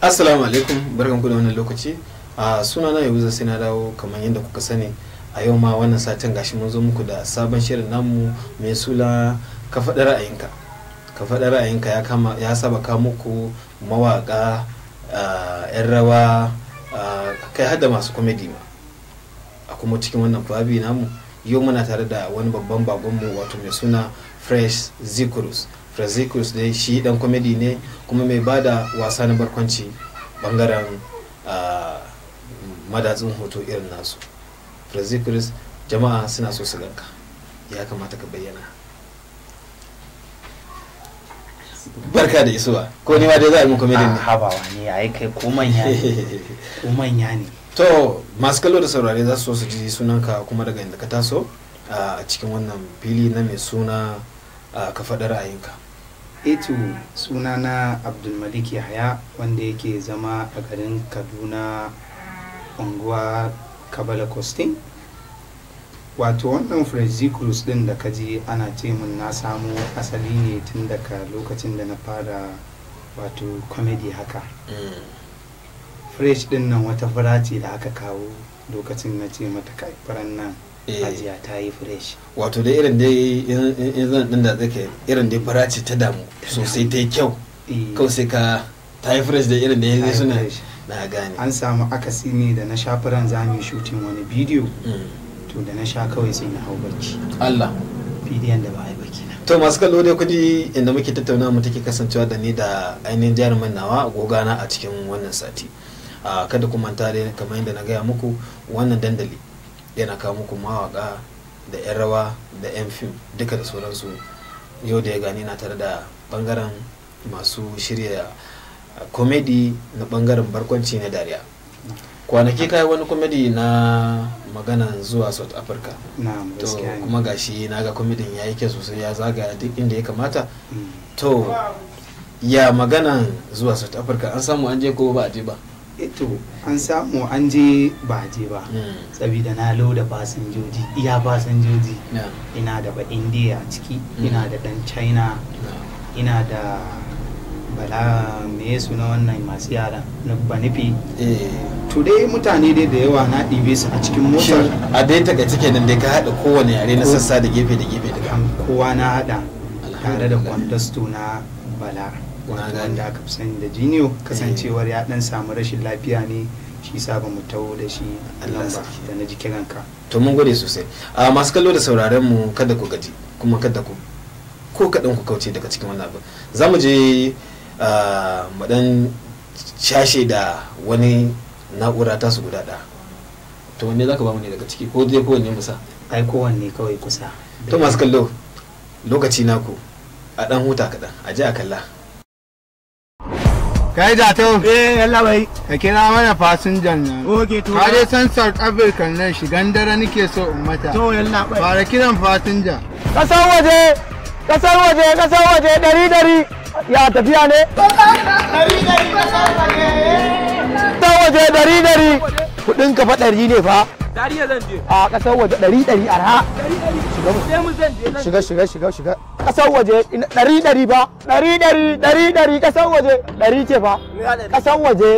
assalamu alaikum barkanku da wannan lokaci a sunana yau sai na dawo kamar yadda kuka sani a yau ma wannan satin gashi mun zo muku da sabon shirin namu mai sula ka faɗa ra'ayinka ka faɗa ra'ayinka ya kama saba ka muku mawaka yan rawa kai hada masu komedi ma a kuma cikin wannan babi namu yau muna tare da wani babban babanmu wato mai suna fresh zikurus frazikus da shi dan komedi ne kuma mai ba da wasa na barkwanci bangaren madatsin hoto irin nasu frazikus jama'a suna so su ganka ya kamata ka bayyana barka da isuwa ko ni ma dai za a yi komedi ne ah, habawa ne yi kai ko ne ne to masu kallo da saurare za su so su ji sunanka kuma daga inda ka taso a cikin wannan fili na mai suna ka faɗi ra'ayinka eto eh na abdulmalik yahaya wanda yake zama a garin kaduna unguwa kabala costin wato wannan frenzy cruise din da kaji ana ce mun na samo asali ne tun daga lokacin da na fara wato comedy haka mm. fresh din nan wata fara ce da aka kawo lokacin na ce mata kai nan Eh. ajiya ta yi fresh wato da irin dai in zan din da zaka irin dai fara ce ta damu sosai ta yi kyau eh. kau sai ka ta yi fresh da irin da yanzu suna na gane an samu akasi ne da na sha furan mu shooting wani bidiyo hmm. to da na sha kawai sai na hau barci. Allah bidiyon da ba a baki na to masu kallo dai kudi inda muke tattauna mu take kasancewa da ni da ainihin jarumin nawa gogana a cikin wannan sati ah, kada kuma tare dai kamar yadda na gaya muku wannan dandali yana kawo muku mawaka da 'yan rawa da 'yan fim duka da sauransu yau da ya gani na tare da bangaren masu shirya komedi na bangaren barkwanci na dariya kwanaki kayi wani komedi na maganan zuwa south africa to kuma gashi na ga komedin ya yi kyau sosai ya zaga duk inda ya kamata mm. to ya maganan zuwa south africa an samu an je ko ba a je ba Eh to an samu an je ba je ba hmm. saboda na loda fasinjoji iya fasinjoji ina da ba indiya ciki hmm. ina da dan china ina da bala me na wannan masu yara na banifi eh. to dai mutane dai da yawa na ɗibe su a cikin motar a dai taka cike nan dai ka haɗa kowane yare na sassa da gefe da gefe da kowa na haɗa tare da kwandasto na bala wanda aka fi sani da jiniyo eh. kasancewar ya dan samu rashin lafiya ne shi sa ba mu taho da shi lamba ba da na ji kiranka to mun gode sosai a ah, masu kallo da sauraron mu kada ku gaji kuma kada ku ko kadan ku kauce daga cikin wannan abin za mu je ah, mu dan shashe da wani na'ura ta su guda ɗaya to wanne za ka ba mu ne daga ciki ko dai kowanne musa ai kowanne kawai kusa to masu kallo lokaci naku a dan huta kaɗan a je a kalla kai da to eh Allah bai ka kira mana fasinjan nan oke to ka je san south kan nan shigan dare nake so in mata to yalla bai fara kiran fasinja kasar waje kasar waje kasar waje dari dari ya tafiya ne dari dari kasar waje ta waje dari dari kudin ka fa dari ne fa dariya zan je a kasar waje dari dari arha shiga shiga shiga shiga kasar waje ɗari ɗari ba ɗari ɗari ɗari ɗari kasar waje ɗari ce fa kasar waje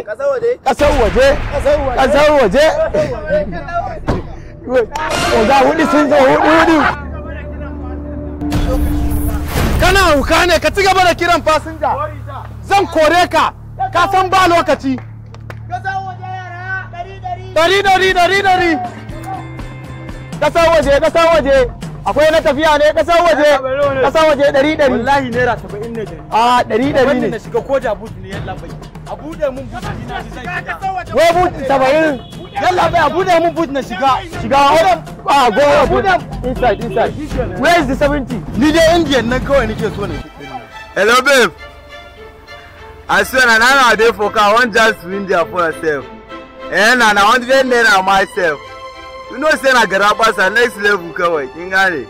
kasar waje kasar waje ga waje sun zo hudu hudu kana hauka ne ka ci gaba da kiran fasinja zan kore ka ka san ba lokaci ɗari ɗari ɗari ɗari kasar waje kasar waje akwai na tafiya ne kasar waje kasar waje 100 100 wallahi naira 70 ne a 100 dari ne shiga ko da butu ne yalla bai a bude mun budu ne na ji zai shiga wai budu 70 yalla bai a bude mun budu na shiga shiga a go a bude inside inside where is the 70 ni dai indian nan kawai nake so ne hello babe I swear na now I dey for car, I wan just win there for yourself. Eh na na 100 naira myself. you know say na gara basa next level kawai kin gane a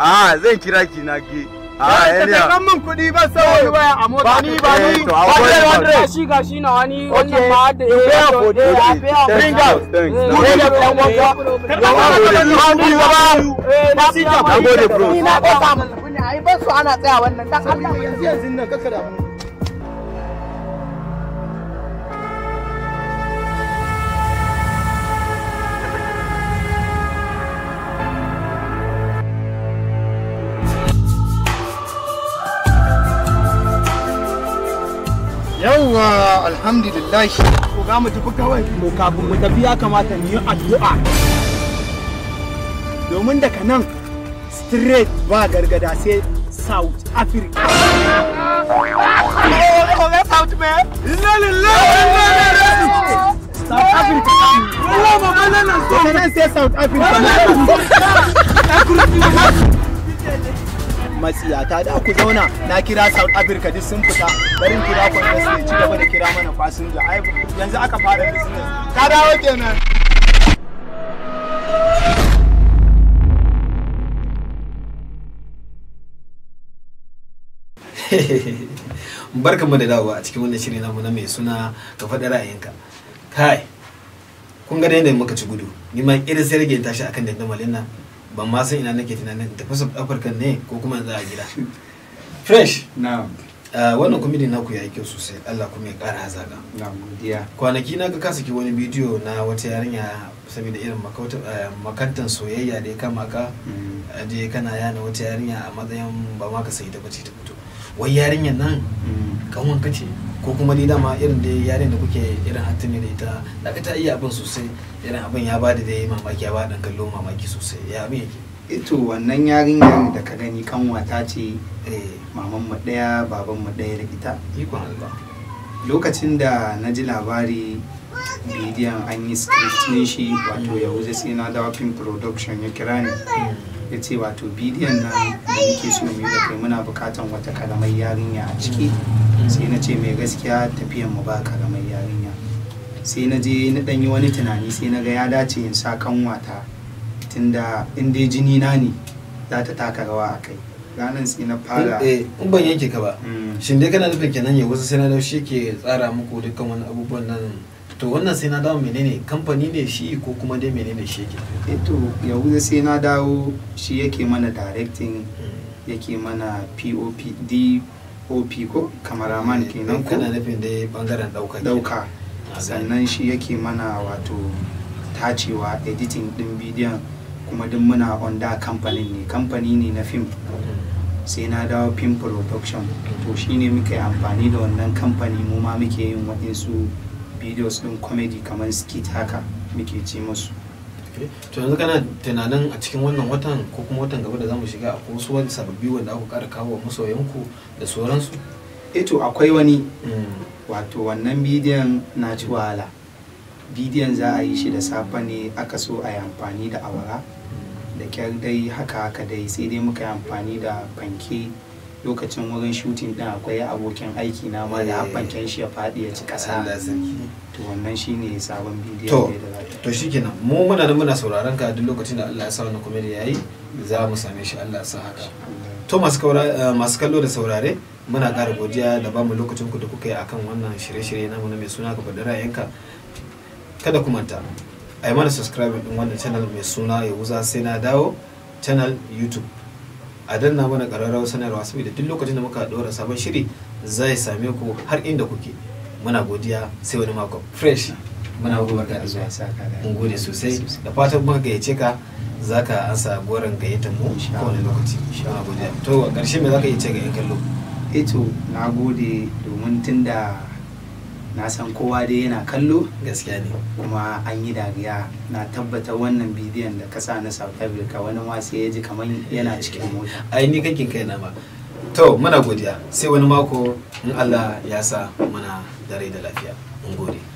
ah, zan kira ki na ki a ne kan mun kudi ba sai wani a mota ni ba ni eh, ba ni shi ga shi na wani wannan ba da ya ya bring out ni ba ba si ka gode bro na ko ana tsaya wannan Yawwa alhamdulillah. Ko ga mu tafi kawai. To kafin mu tafi ya kamata mu yi addu'a. Domin daga nan straight ba gargada sai South Africa. South Africa. South Africa. South Africa. matsiyata da ku zauna na kira south africa duk sun fita barin kira da ne ci gaba da kira mana fasinja ai yanzu aka fara business ka dawo kenan barkan mu da dawowa a cikin wannan shirin namu na mai suna ka faɗi ra'ayinka kai kun ga da yadda muka ci gudu ni ma irin sai rage tashi akan dandamalin nan ban ma san ina nake tunanin tafi sub afirka ne ko kuma yanzu a gida fresh na'am ah, wannan comedy naku ya kyau sosai allah kuma ya kara hazaka kwanaki na ga ka saki wani bidiyo na wata yarinya saboda irin eh, makantan soyayya da ya kama ka mm. je kana yana wata yarinya a matsayin ba ma ka sai ta bace ta fito wai yarinyar nan mm. kanwan kace ko kuma ni dama irin da yarin da kuke irin hattuni da ita daga ta iya abin sosai irin abin ya bada da mamaki ya bada kallo mamaki sosai ya abin yake ito eh wannan yarinyar da ka gani kanwata ce eh. maman mu daya baban mu daya da ita ikon Allah lokacin da na ji labari bidiyon an yi script shi wato mm. yahuza sai na dawa film production ya kira ni mm. ya ce wato bidiyon nan da muke so mu da kai muna bukatan wata karamar yarinya a ciki sai na ce mai gaskiya tafiyan mu ba karamar yarinya sai na je na danyi wani tunani sai na ga ya dace in sa kanwata tunda in dai jini na ne za ta taka rawa a kai ranar sai na fara eh, eh, in ban yanke ka ba mm. shin dai kana nufin kenan ya wasu sai na shi ke tsara muku dukkan wani abubuwan nan to wannan sai na dawo menene kamfani ne shi ko kuma dai menene shi yake eh to yahuza sai na dawo shi yake mana directing hmm. yake mana pop dop ko kamaraman eh, kenan ko kana nufin dai bangaren dauka dauka ah, sannan shi yake mana wato tacewa editing din bidiyon kuma duk muna da kamfanin ne kamfani ne na fim hmm. sai na dawo film production to shine muke amfani da wannan kamfani mu ma muke yin waɗansu videos din comedy kamar skit haka muke ci musu to yanzu kana tunanin a cikin wannan watan ko kuma watan gaba da zamu shiga akwai wasu wani sababbi wanda aka ƙara kawo masoyanku da sauransu eto eh akwai wani mm. wato wannan bidiyon na ci wahala bidiyon za a yi shi da safe ne aka so a yi amfani da awara mm. da kyar dai haka haka dai sai dai muka yi amfani da fanke lokacin wurin shutin din akwai abokin aiki na ma da eh. habbanken shi ya faɗi ya ci ƙasa to wannan shine sabon bidiyon to to shikenan mu muna da muna sauraron ka duk lokacin da Allah ya sa wannan comedy yayi za mu same shi Allah ya sa haka to eh, masu kallo da saurare muna ƙara godiya da ba mu lokacin ku da kuka yi akan wannan shirye-shirye na na mai suna ka faɗi ra'ayinka kada ku manta a yi mana subscribe din wannan channel mai suna yahuza sai na dawo channel youtube a danna mana ƙararrawar sanarwa saboda duk lokacin da muka ɗora sabon shiri zai same ku har inda kuke muna godiya sai wani mako fresh muna godiya da zuwa mun gode sosai da fatan muka gayyace ka zaka ansa goron gayyatar mu kowane lokaci muna godiya to a ƙarshe me zaka iya ce ga yan kallo eh to na gode domin tunda na san kowa dai yana kallo gaskiya ne kuma an yi dariya na tabbata wannan bidiyon da kasa na south africa wani ma sai ya ji kamar yana cikin mota ai ni kakin kai na ba to muna godiya sai wani mako in allah ya sa muna dare da lafiya mun gode